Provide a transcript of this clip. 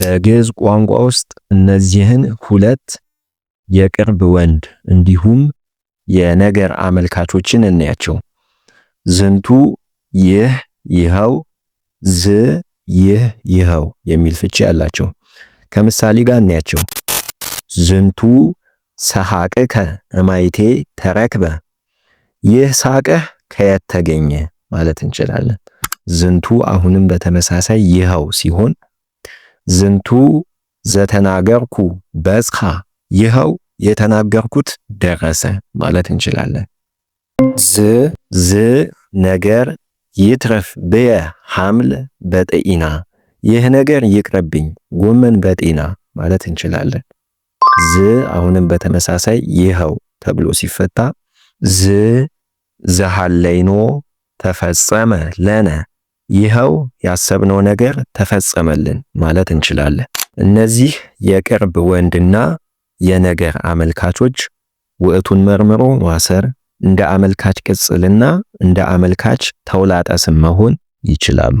በግዕዝ ቋንቋ ውስጥ እነዚህን ሁለት የቅርብ ወንድ እንዲሁም የነገር አመልካቾችን እናያቸው። ዝንቱ፣ ይህ፣ ይኸው፣ ዝ፣ ይህ፣ ይኸው የሚል ፍቺ ያላቸው ከምሳሌ ጋር እናያቸው። ዝንቱ ሰሐቅከ እማይቴ ተረክበ፣ ይህ ሳቅህ ከየት ተገኘ ማለት እንችላለን። ዝንቱ አሁንም በተመሳሳይ ይኸው ሲሆን ዝንቱ ዘተናገርኩ በጽሐ ይኸው የተናገርኩት ደረሰ ማለት እንችላለን። ዝ ዝ ነገር ይትረፍ ብየ ሐምል በጤኢና ይህ ነገር ይቅረብኝ ጎመን በጤና ማለት እንችላለን። ዝ አሁንም በተመሳሳይ ይኸው ተብሎ ሲፈታ ዝ ዘሃለይኖ ተፈጸመ ለነ ይኸው ያሰብነው ነገር ተፈጸመልን ማለት እንችላለን። እነዚህ የቅርብ ወንድና የነገር አመልካቾች ውዕቱን መርምሮ ማሰር እንደ አመልካች ቅጽልና እንደ አመልካች ተውላጠ ስም መሆን ይችላሉ።